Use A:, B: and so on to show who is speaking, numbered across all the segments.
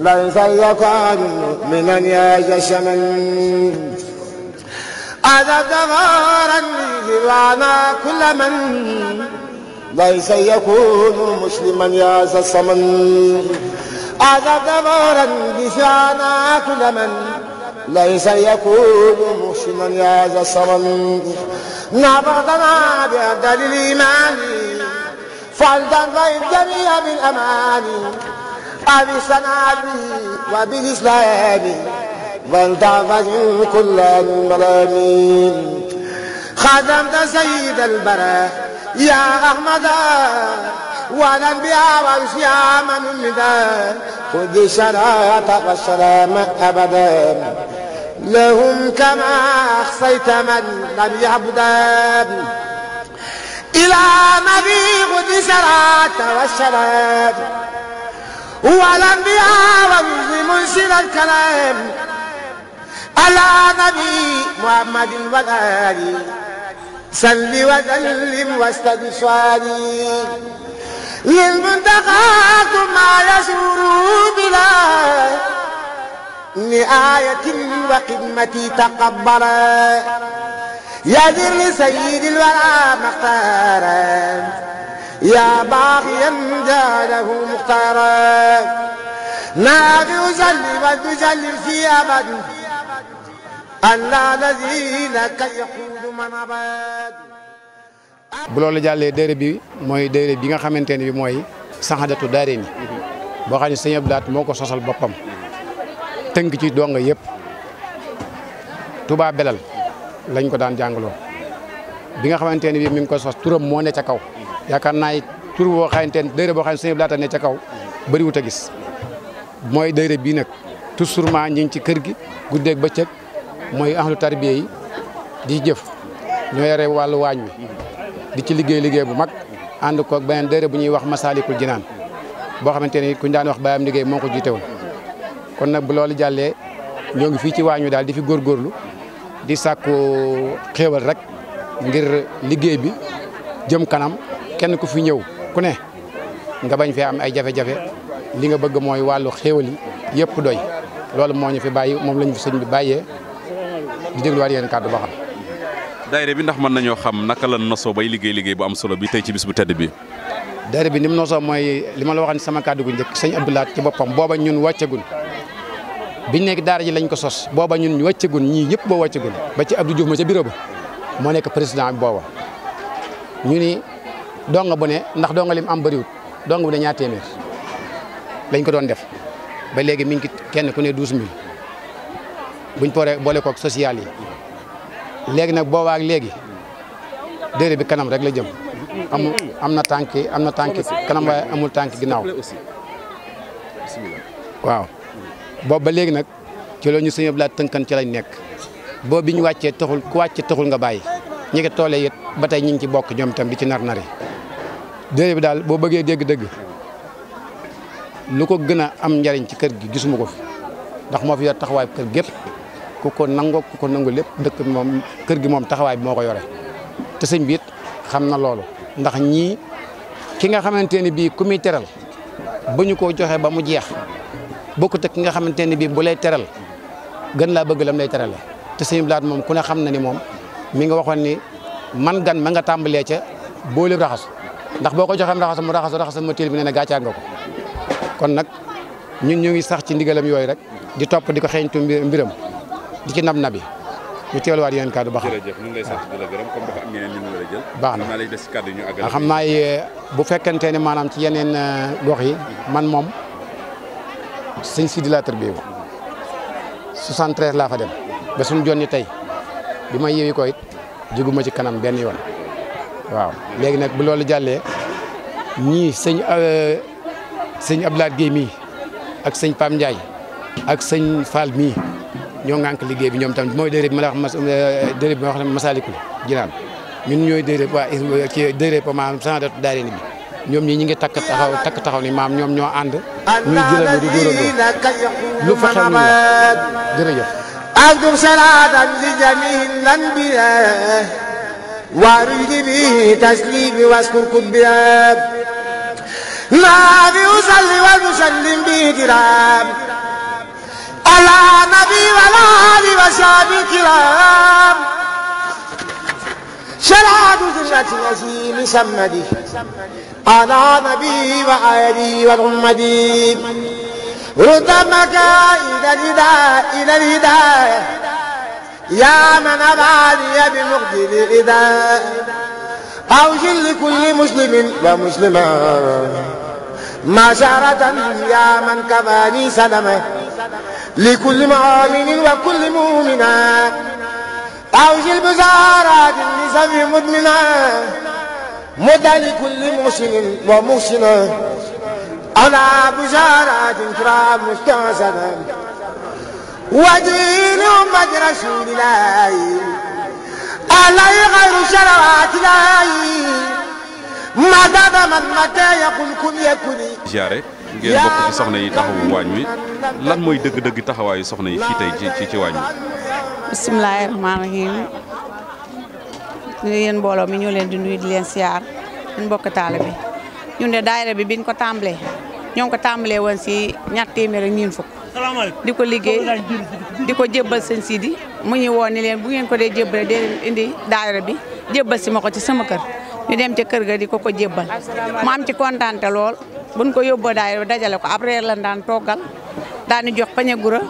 A: ليس الذكر ممن يجشمن أذا دغارا جلانا كل من ليس يكون مسلما يا ذا الصمن أذا دغارا بشانا كل من ليس يكون مسلما يا ذا الصمن نبضنا بعدل الإيمان فالدرب الجميع من أماني أبي سنابي وبالإسلام فانتفع كل المرامين خدمت سيد البراء
B: يا أحمد
A: والأنبياء والشيعة من مدى خذ الشراعة والسلام أبدا لهم كما أحصيت من لم يعبدان إلى نبي خذ الشراعة والسلام والأنبياء وفي منشد الكلام على نبي محمد والآل سل وسلم واسند سؤالي للمنتقى ما يسور بلا نهاية وقدمتي تقبل يا ذل سيد الورى مختارا يا باقيا جاله مختارا نافع سلم وسلم في أبد ألا الذي لك يقود من أبد
C: bu loolu jàllee dëre bi mooy dëre bi nga xamante ne bi mooy saxadatu daare boo xam ne sëñ Abdou moo ko sosal boppam tënk ci donga yëpp Touba Belal lañ ko daan jàngaloo bi nga xamante ne bi mu ngi ko sos turam moo ne ca kaw yaakaar naa it tur boo xamante ne dayra boo xam ne sëñ bi laata ne ca kaw bëriwut a gis mooy dayra bii nag toujours ma ñu ngi ci kër gi ba bëccëg mooy ahlu tarbiya yi di jëf ñoo yore wàllu waañ wi di ci liggéey liggéey bu mag ànd koog beneen dayra bu ñuy wax Masaalikul Jinaan boo xamante ni kuñ daan wax baayam liggéey moo ko jiite woon kon nag bu loolu jàllee ñoo ngi fii ci waañ wi daal di fi góorgóorlu di sàkku xéewal rek ngir liggéey bi jëm kanam kenn ku fi ñëw ku ne nga bañ fee am ay jafe-jafe li nga bëgg mooy wàllu xéewal yi yëpp doy loolu moo ñu fi bàyyi moom lañu fi sëñ bi bàyyee di dégluwaat yéen kàddu ba xam. daayira bi ndax mën nañoo xam naka la nosoo bay liggéey liggéey bu am solo bi tey ci bis bu tedd bi. daayira bi ni mu nosoo mooy li ma la waxoon sama kàddu gu njëkk sëñ Abdou laat ci boppam booba ñun wàccegun biñ nekk daara ji lañ ko sos booba ñun wàccegun ñii ñëpp boo wàccegun ba ci Abdou Diouf ma ba moo nekk président bi booba donga bu ne ndax donga lim am bëriwut donga bu ne ñaar téeméer lañ ko doon def ba léegi mi ngi kenn ku ne douze mille buñ pooree boole kook social yi léegi nag boobaa ak léegi déedéet bi kanam rek la jëm amul am na tànki am na tànki kanam waaye amul tànki ginnaaw waaw boobu ba léegi nag ci loolu ñu sëñ laa tënkan ci lañ nekk boobu bi ñu wàccee taxul ku wàccee taxul nga bàyyi ñi ngi toole it ba tey ñu ngi ci bokk ñoom itam bi ci nar nari déedéet bi daal boo bëggee dégg dégg lu ko gën a am njariñ ci kër gi gisuma ko fi ndax moo fi yor taxawaay kër gépp ku ko nangoo ku ko nangu lépp dëkk moom kër gi moom taxawaay bi moo ko yore te sëñ xam na loolu ndax ñii ki nga xamante ne bii ku muy teral ba ñu ko joxee ba mu jeex bokkut ak ki nga xamante ne bii bu lay teral gën laa bëgg la lay terale te sëñ Blaat moom ku ne xam na ni moom mi nga waxoon ni man gan ma nga tàmbalee ca boole raxas ndax boo ko joxee mu raxas mu raxas raxasal ma téel bi nee na gàccaa nga ko kon nag ñun ñu ngi sax ci ndigalam yooyu rek di topp di ko xeeñtu mbiram di ci nab nabi ñu teeluwaat yeneen kàddu ba xam jërëjëf ñu ngi di la gërëm comme dafa baax na lay des ci kàddu ñu àggal xam naa bu fekkente ne maanaam ci yeneen euh, gox yi man moom sëñ Sidi laa tërbiyewu 73 laa fa dem ba suñu jonni tey bi ma yeewi ko it juguma ci kanam benn yoon waaw léegi nag bu loolu jàllee ñii sëñ euh, sëñ Abdoulaye Guèye mii ak sëñ Pam njaay ak sëñ Fall mii ñoo ŋànk liggéey bi ñoom tamit mooy déréb bi ma la wax euh, déréb bi ma wax ne Masalikul Jinaan ñun ñooy déréb waa ci déréb maanaam sans bi ñoom ñii ñi ngi takk taxaw takk taxaw ni maam ñoom ñoo ànd ñuy jëlandoo di dóorandoo lu fa xew ñu jërëjëf ak dum
A: salatan li jamiil anbiyaa وارجي به تسليمي واذكر كبياب نادي أصلي وأسلم به كرام على نبي وعلى آله وصحبه كرام شراد ذرة نسيم سمدي على نبي وآله ومحمد رد مكائد الهدى إلى الهدى يا من أبعدي بمقدر إذا أوجه لكل مسلم ومسلمة معشرة يا من كفاني سلمة لكل مؤمن وكل مؤمنة أوجه البزارات لسبي مدمنة مدى لكل محسن ومحسنة على بزارات كرام مستحسنة
B: ودينهم
A: مج رسول الله ألي غير شلوات الله madada man mata yaqul kun yakuni
C: jaare ngeen bokk ci soxna yi taxawu waañ wi lan mooy dëgg-dëgg taxawaayu soxna yi fii tey ci ci waañ wi
B: bismillaahi rahmaani rahiim yéen mbooloo mi ñoo leen di nuyu di leen siyaar ñun bokk taale bi ñu de daayira bi biñ ko tàmbalee ñoo ngi ko tàmbalee woon si ñaar téeméer ak ñeent fukk di ko liggéey di ko jébbal sëñ Sidi mu ñu woo leen bu ngeen ko dee jébbale dee indi daayira bi jébbal si ma ko ci sama kër ñu dem ca kër ga di ko ko jébbal mu am ci kontaante lool buñ ko yóbboo daayira dajale ko ab reer lan daan toggal daani jox pañe gura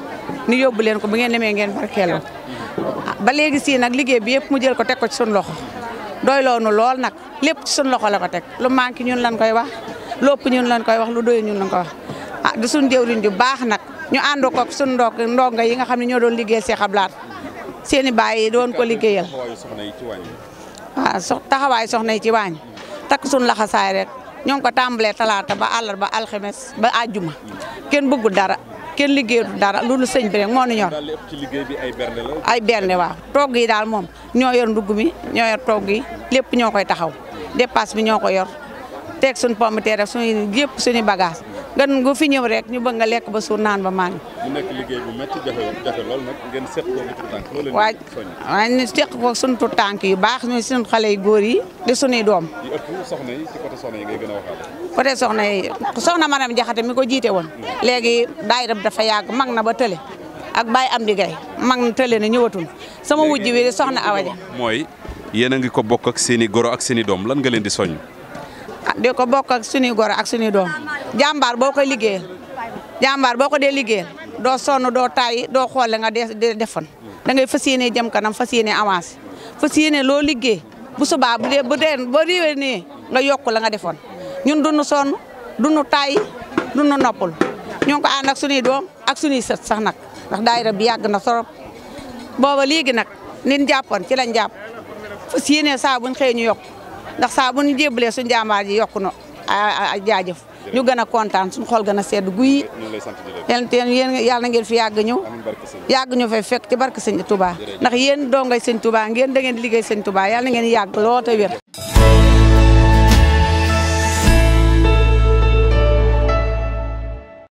B: ni yóbbu leen ko bu ngeen demee ngeen barkeeloo ba léegi sii nag liggéey bi yëpp mu jël ko teg ko ci suñu loxo doy loonu lool nag lépp ci suñu loxo la ko teg lu manqué ñun lan koy wax lépp ñun lan koy wax lu doy ñun lan koy wax ah du suñu baax nag ñu ànd ko ak sunu ndok ndongo yi nga xam ne ñoo doon liggéey Cheikh Abdou seeni seen baay yi doon ko liggéeyal. waaw so taxawaay soxna yi ci waañ takk suñ laxasaay rek ñoo ngi ko tàmbalee talaata ba ba alxemes ba àjjuma kenn bëggul dara. kenn liggéeyatu dara lu sëñ bi rek moo nu ñor ay bernde waaw togg yi daal moom ñoo yor ndugg mi ñoo yor togg yi lépp ñoo koy taxaw dépasse bi ñoo ko yor teg suñ pomme de terre ak suñu yëpp suñu bagage gan gu fi ñëw rek ñu bëgg nga lekk ba suur naan ba maa ngi.
C: mu nekk liggéey bu métti jafe nag ngeen seq ko ak tuutànk
B: loolu la ñu seq ko suñu tànk yi baax ñu suñu xale yu góor yi di suñuy doom.
C: yi ëpp soxna yi ci côté soxna yi ngay
B: soxna yi soxna Maram mi ko jiite woon. léegi daay daayira dafa yàgg mag na ba tële. ak Baye Amdi Gaye mag na tële na ñëwatul. sama wujj bi di soxna Awa Ja
C: mooy yéen a ngi ko bokk ak seeni goro ak seen i doom lan nga leen di soññ
B: de ko bokk ak suñuy goro ak suñuy doom jàmbaar boo koy liggéeyal jàmbaar boo ko dee liggéeyal doo sonn doo tàyyi doo xoole nga dee defoon da ngay fas yéenee jëm kanam fas yéenee avancé fas yéenee loo liggéey bu subaabu de dee bu dee boo riwee nii nga yokk la nga defoon ñun duñu sonn dunu tàyyi duñu noppul ñu ngi ko ànd ak suñuy doom ak suñuy sët sax nag ndax daayira bi yàgg na trop booba léegi nag nin jàppoon ci lañ jàpp fas yéenee saa buñ xëy ñu yokk ndax saa bu ñu jébbalee suñu jàmbaar ji yokku na jaajëf ñu gën a kontaan suñu xol gën a sedd guy yéen yéen yàlla na ngeen fi yàgg ñëw yàgg ñu fay fekk ci barke sëñ Touba ndax yéen doongay sëñ Touba ngeen da ngeen di liggéey sëñ Touba yàlla na ngeen yàgg loo te wér